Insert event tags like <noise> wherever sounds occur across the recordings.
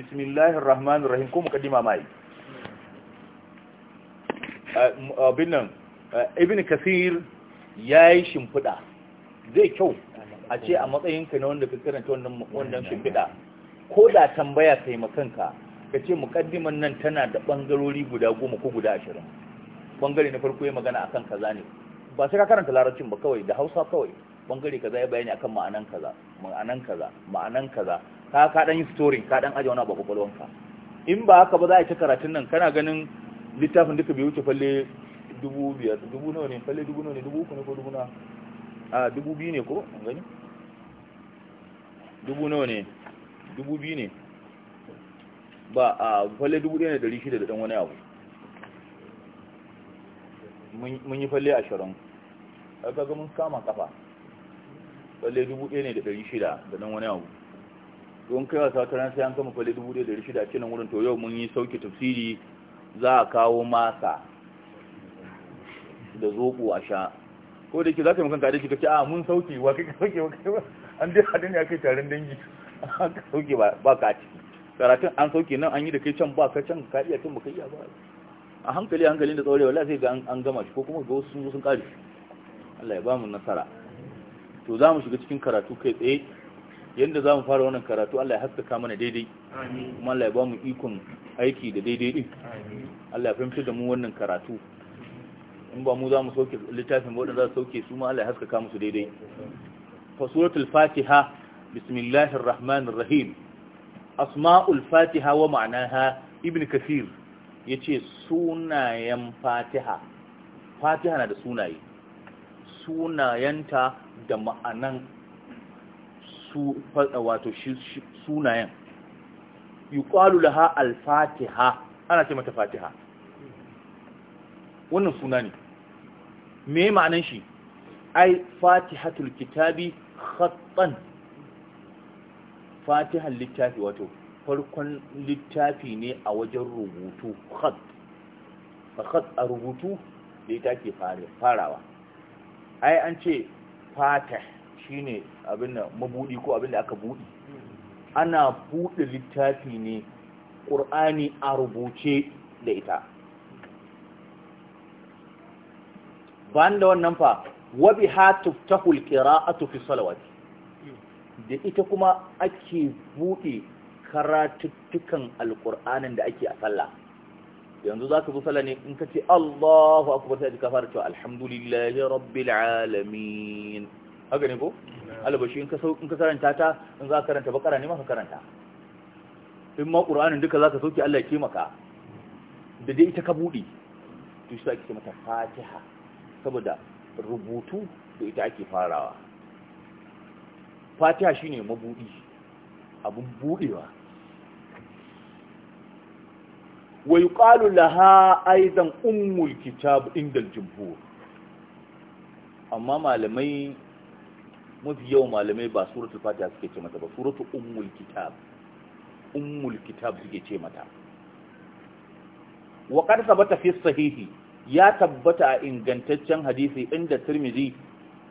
bismillahir rahmanir rahim ko mukaddima mai eh, abin nan eh, ibn kasir yayi shimfida zai kyau a ce a matsayinka na wanda ka karanta wannan wannan shimfida ko da tambaya kai makanka ka ce mukaddiman nan tana da bangarori guda goma ko guda ashirin bangare na farko ya magana akan kaza ne ba sai ka karanta larabcin ba kawai da hausa kawai bangare kaza ya bayani akan ma'anan kaza ma'anan kaza ma'anan kaza ka ka dan yi story ka dan aje wani abu kwakwalwanka in ba haka ba za a ci karatun nan kana ganin littafin duka bai wuce falle dubu dubu nawa ne falle dubu nawa ne dubu uku ne ko dubu na a dubu biyu ne ko an gani dubu nawa ne dubu biyu ne ba a falle dubu ɗaya da dari shida da ɗan wani abu mun yi falle ashirin aka ga mun kama kafa falle dubu ɗaya ne da ɗari shida da ɗan wani abu don kai wasa ta ransa sai an kama kwale 1600 a cikin wurin to yau mun yi sauki tafsiri za a kawo masa da zoɓo a sha ko da ke za ka yi makanka da kika a mun sauki wa kai sauki wa kai an dai hadin ya kai tarin dangi ka <laughs> sauki ba ka ci karatun an sauki nan an yi da kai can ba ka can ka iya can ba ka iya ba a hankali hankali da tsaurewa la sai ga an gama shi ko kuma ga wasu sun zo sun Allah ya ba mu nasara to za mu shiga cikin karatu kai tsaye yadda za mu fara wannan karatu Allah ya haskaka mana daidai kuma Allah ya ba mu ikon aiki da daidai din Allah ya fahimci da mu wannan karatu in ba mu za mu sauke littafin ba za su sauke su ma Allah ya haskaka musu daidai fa suratul fatiha bismillahir rahmanir rahim asma'ul fatiha wa ma'naha ibn kathir yace sunayen fatiha fatiha na da sunaye sunayenta da ma'anan su wato sunayen yuqalu laha al-fatiha ana ce mata fatiha wannan suna ne me ma'anan shi ai fatihatul kitabi khattan fatihan littafi wato farkon littafi ne a wajen rubutu khat khat a rubutu da ita ke farawa ai an ce fatih shine abin mabudi ko abinda aka budi ana buɗe littafi ne qur'ani a rubuce da ita ban da wannan fa wa biha tuftahu alqira'atu fi salawati da ita kuma ake buɗe karatuttukan alqur'anin da ake a sallah yanzu za ka zo sallah ne in ka ce Allahu akbar sai ka fara cewa alhamdulillahi rabbil alamin haka ne ko albashi in ka in ka karanta ta in za ka karanta bakara ne ma ka karanta in ma qur'anin duka zaka sauke Allah ya kima ka da dai ita ka bude to shi ake mata fatiha saboda rubutu da ita ake farawa fatiha shine mabudi abun budewa wa yuqalu laha aidan ummul kitab indal jumhur amma malamai mafi yawan malamai ba suratul fatiha suke ce mata ba suratul ummul kitab ummul kitab suke ce mata wa qad sabata fi sahihi ya tabbata a ingantaccen hadisi inda tirmizi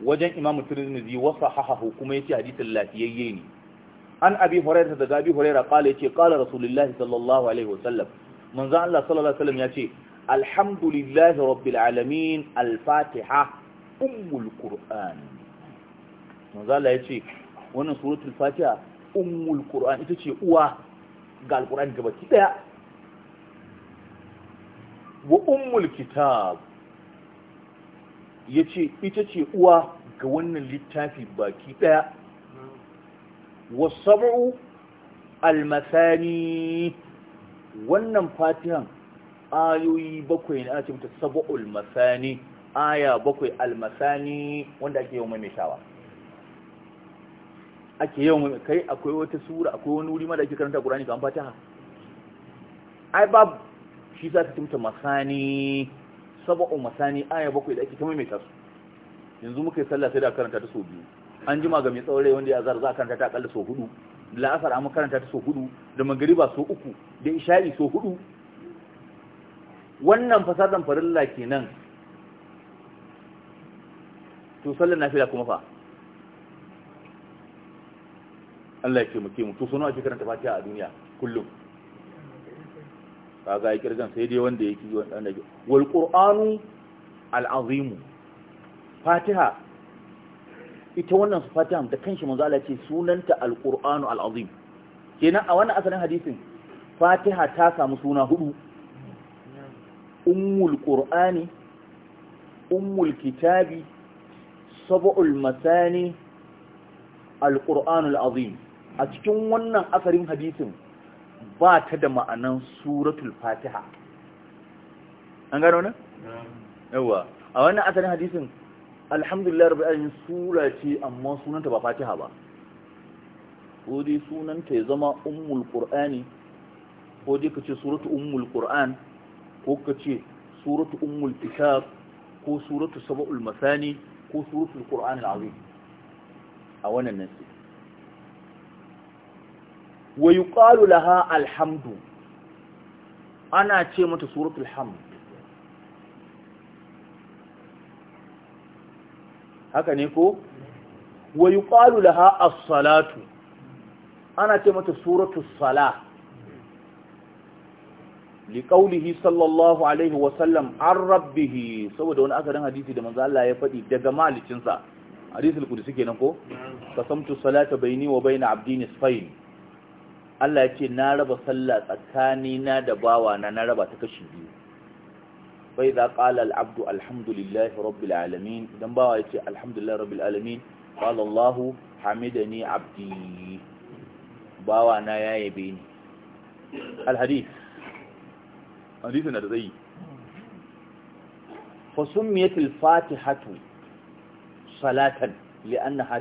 wajen imam tirmizi wa sahahahu kuma yace hadisin lafiyayye ne an abi hurairah daga abi hurairah qala yace qala rasulullahi sallallahu alaihi wasallam manzo Allah sallallahu alaihi wasallam yace alhamdulillahi rabbil alamin al ummul qur'an manzo Allah ya ce wannan suratul fatiha ummul qur'an ita ce uwa ga alqur'ani gaba ki daya wa ummul kitab yace ita ce uwa ga wannan littafi baki daya al almasani wannan fatihan ayoyi bakwai ne ana ce sab'ul masani aya bakwai almasani wanda ake mai maimaitawa ake yawan kai akwai wata sura akwai wani wuri ma da ake karanta Qur'ani kan Fatiha ai babu shi za ka tumta masani sab'u masani aya bakwai da ake ta maimaita su yanzu muka yi sallah sai da karanta ta sau biyu an jima ga mai tsaurai wanda ya zar za karanta ta akalla sau hudu la'asar amma karanta ta sau hudu da magariba sau uku da isha'i sau hudu wannan fasadan farilla kenan to sallar nafila kuma fa Allah ya ce muke mu to ake karanta fatiha a duniya kullum kaga ya kirgan sai dai wanda yake wanda yake wal qur'anu al fatiha ita wannan fatiha da kanshi manzo Allah ce sunanta al qur'anu al azim kenan a wannan asalin hadisin fatiha ta samu suna hudu ummul qur'ani ummul kitabi sab'ul masani al al azim a cikin wannan asarin hadisin ba ta da ma'anan suratul fatiha an gano ne? yawa a wannan asarin hadisin alhamdulillah rabbi alamin sura ce amma sunanta ba fatiha ba ko dai sunanta ya zama ummul qur'ani ko dai ce suratu ummul qur'an ko kace suratu ummul kitab ko suratu sab'ul masani ko suratul qur'an al a wannan nasi wa yuqalu laha alhamdu ana ce mata suratul hamd haka ne ko wa yuqalu laha as-salatu ana ce mata suratul salah liqaulihi sallallahu alaihi wa sallam an rabbih saboda wani akarin hadisi da manzala ya faɗi daga malicinsa hadisul suke nan ko ka samtu salata bai ni wa bai na abdi spain. Allah ya ce na raba sallah tsakanina da bawana na raba ta kashi biyu bai za ƙala al'abdu alhamdulillahi rabbil alamin don bawa ya ce alhamdulillahi rabbil alamin ƙala Allahu hamidani abdi na ya yabe ni alhadis hadisun da zai فسميت الفاتحة صلاة لأنها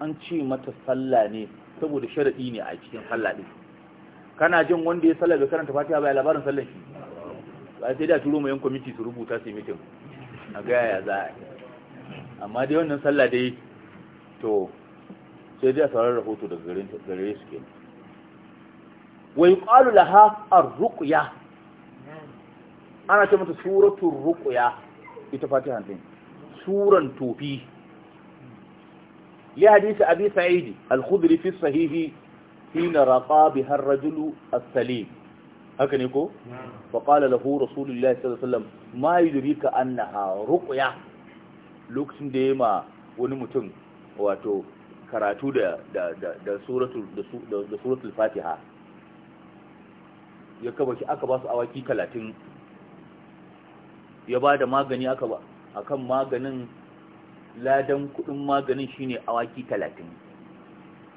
an ce mata sallah ne. saboda sharaɗi ne a cikin sallah din kana jin wanda ya sallah da karanta fatiha bai labarin sallan shi ba sai da turo mai yan committee su rubuta su meeting a ga ya za amma dai wannan sallah dai to sai dai a saurari rahoto daga garin gare su ke wa yuqalu laha ar-ruqya ana ce mata suratul ruqya ita fatiha din suran tofi لحديث أبي سعيد الخضر في الصحيح حين ne ko. الرجل السليم هكذا يقول فقال له رسول الله صلى الله عليه وسلم ما يدريك أنها رقية لوكسن ديما ونمتن واتو karatu da suratul fatiha ya kaba shi aka ba su awaki talatin ya ba da magani aka ba akan maganin ladan kudin maganin shine awaki talatin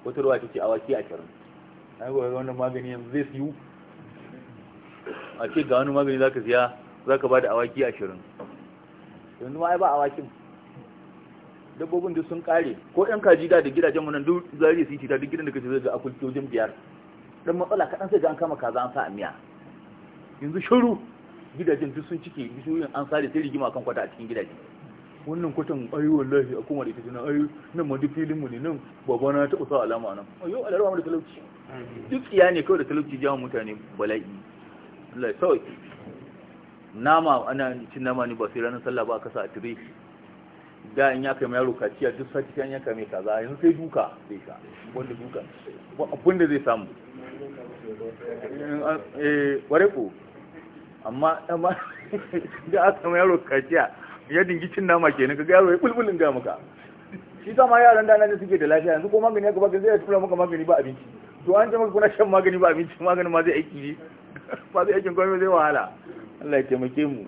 wata ruwa ta ce awaki ashirin ai ga wannan magani yanzu zai siyu a ce ga wani magani zaka siya zaka bada awaki ashirin yanzu ma ai ba awakin dabbobin duk sun kare ko ɗan kaji da da gidajen mu nan duk zari su ci ta duk gidan da kace zai ga akul wajen biyar dan matsala kaɗan sai ga an kama kaza an sa a miya yanzu shiru gidajen duk sun cike bishiyoyin an sare sai rigima kan kwata a cikin gidajen wannan kwatan ayi wallahi a kuma da ita tana ayi nan ma filin mu ne nan baba na ta usa alama nan ayo a larwa da talauci duk iya ne kawai da talauci jawon mutane bala'i Allah ya sauki nama ana cin nama ne ba sai ranar sallah ba a kasa a tire da in ya kai yaro kaciya duk sati kan ya kame kaza yanzu sai duka zai ka wanda duka abin da zai samu eh ware ko amma amma <laughs> da aka mai yaro kaciya ya dingi cin nama kenan kaga yaro ya bulbulin ga maka shi sama yaran da nan suke da lafiya yanzu ko magani ya gaba zai tura maka magani ba abinci to an ce maka kuna shan magani ba abinci maganin ma zai aiki ne <laughs> ba zai aikin komai zai wahala Allah ya taimake mu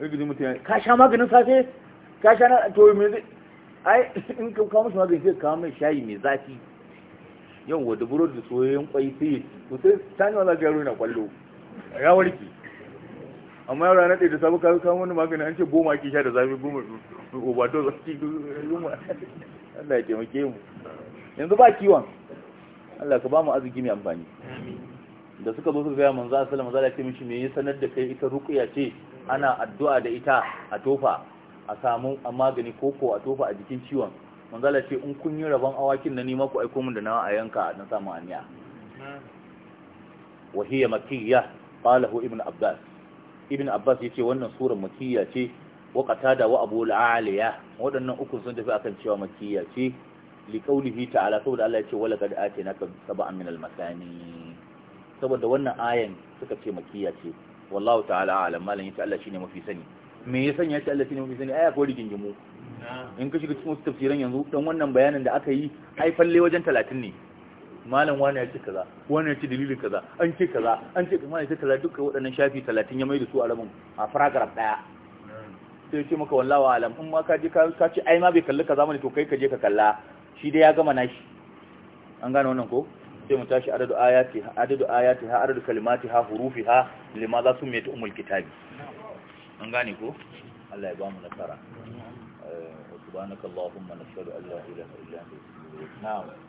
rigidi mutum ka sha maganin safe ka sha na to me zai ai in ka kawo mishi magani sai ka kawo mai shayi mai zafi yau da burodi da soyayyen kwai sai to sai tani wala ga yaro na kwallo ya warke amma yau ranar ɗaya da sabu kawo kawo wani magani an ce goma ake sha da zafi goma obato za su goma Allah ya taimake mu yanzu ba kiwon Allah ka ba mu arziki mai amfani da suka zo su gaya manzo a salama zala ce mishi me sanar da kai ita rukuya ce ana addu'a da ita a tofa a samu a magani koko a tofa a jikin ciwon manzo Allah ce in kun yi rabon awakin na nima ku aiko min da nawa a yanka na samu aniya wa hiya makiyya qalahu ibnu abbas ibn abbas yace wannan sura makiyya ce wa qatada wa abu aliya waɗannan uku sun tafi akan cewa makiyya ce li ta'ala saboda Allah yace wala qad atinaka sab'an min al-masani saboda wannan ayan suka ce makiyya ce wallahu ta'ala alam malan yace Allah shine mafi sani me ya sanya shi Allah shine mafi sani aya ko rigingimu in ka shiga cikin wasu tafsiran yanzu dan wannan bayanin da aka yi ai falle wajen 30 ne malam wani ya ce kaza wani ya ce dalilin kaza an ce kaza an ce kuma ya ce kaza duka waɗannan shafi talatin ya mai da su a rabin a paragraph ɗaya sai ce maka wallawa alam in ma ka je ka ce ai ma bai kalli kaza mani to kai ka je ka kalla shi dai ya gama nashi an gane wannan ko sai mu tashi adadu ayati adadu ayati ha adadu kalimati ha hurufi ha limaza sun mai ta umul kitabi an gane ko Allah ya ba mu nasara eh, allahumma nashhadu an la ilaha illa anta na'am